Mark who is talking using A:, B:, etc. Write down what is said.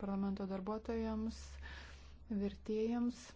A: parlamento darbuotojams, vertėjams.